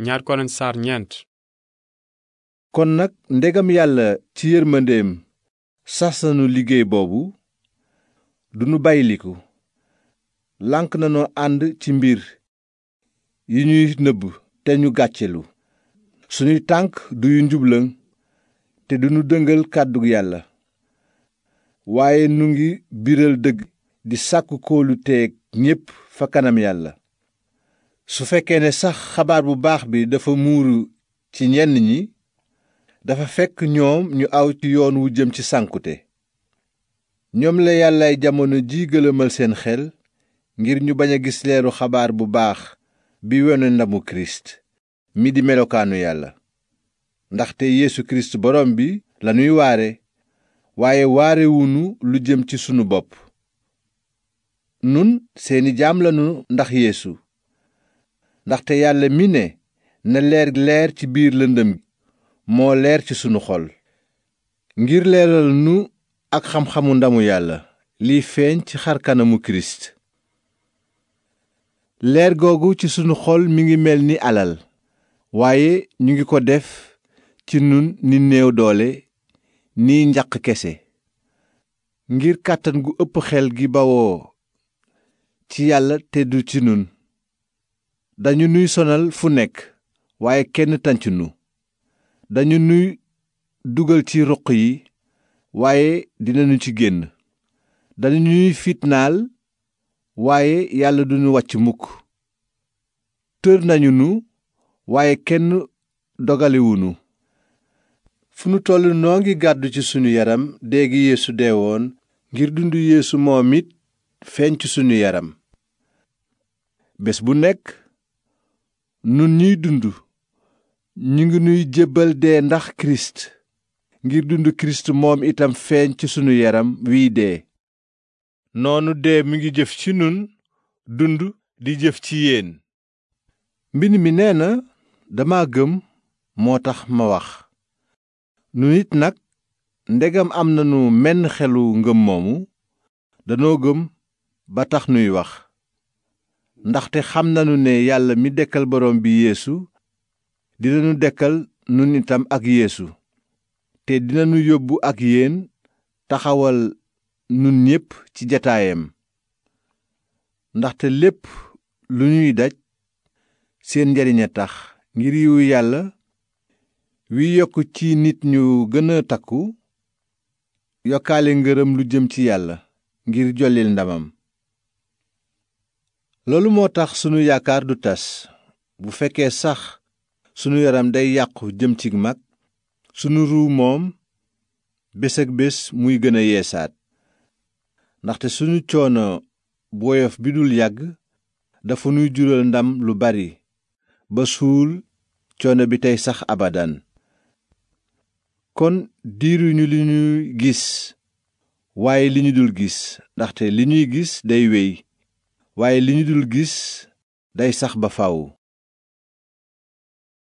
ñaar Korint kon nag ndegam yàlla ci yërmandeem sas liggéey boobu dunu bayliku lànk nanoo ànd ci mbir yi ñuy nëbb te ñu gàccelu suñuy tànk du yu njublaŋ te duñu dëngal kàddug yàlla waaye nu ngi biral dëgg di sàkku kóolu teeg ñépp fa kanam yàlla su fekkee ne sax xabaar bu baax bi dafa muuru ci ñenn ñi dafa fekk ñoom ñu aw ci yoon wu jëm ci sànkute ñoom la yàllaay jamono ji gëlëmal seen xel ngir ñu bañ a gis leeru xabaar bu baax bi wone ndamu kirist mi di melokaanu yàlla ndaxte yéesu kirist borom bi lanuy waare waaye waarewunu lu jëm ci sunu bopp nun seeni jaam lanu ndax yeesu ndaxte yàlla mi ne na leer leer ci biir lëndëm moo leer ci sunu xol ngir leeral nu ak xam-xamu ndamu yàlla liy feeñ ci xar kanamu kirist leer googu ci sunu xol mi ngi mel ni alal waaye ñu ngi ko def ci nun ni néew doole ni njaq kese ngir kàttan gu ëpp xel gi bawoo ci yàlla te du ci nun dañu nuy sonal fu nekk waaye kenn tànc nu dañu nuy dugal ci ruq yi waaye dinañu ci génn dañu ñuy fitnaal waaye yàlla du ñu wàcc mukk tër nañu nu waaye kenn dogaliwunu fu nu toll noo ngi gàddu ci sunu yaram déegi yeesu deewoon ngir dund yéesu moom it feeñ ci sunu yaram bés bu nekk nun ñuy dund ñu ngi nuy jébbal dee ndax kirist ngir dund kirist moom itam feeñ ci sunu yaram wiy dee noonu dee mi ngi jëf ci nun dund di jëf ci yéen mbind mi nee na dama gëm moo tax ma wax nu nit nag ndegam am nanu menn xelu ngëm moomu danoo gëm ba tax nuy wax ndaxte xam nanu ne yàlla mi dekkal borom bi yéesu dinañu dekkal nun itam ak yéesu te dinañu yóbbu ak yéen taxawal nun ñépp ci jataayam ndaxte lépp lu ñuy daj seen njariñ a tax ngir yiwu yàlla wi yokk ci nit ñu gën a takku yokkaale ngërëm lu jëm ci yàlla ngir jollil ndamam loolu moo tax sunu yaakaar du tas bu fekkee sax sunu yaram day yàqu jëm ci mag sunu ruu moom bés ak bés muy gën a yeesaat ndaxte sunu coono boyof bi dul yàgg dafa nuy jural ndam lu bari ba suul coono bi tey sax abadan kon diiruñu li ñuy gis waaye li ñu dul gis ndaxte li ñuy gis day wéy waaye li ñu dul gis day sax ba faw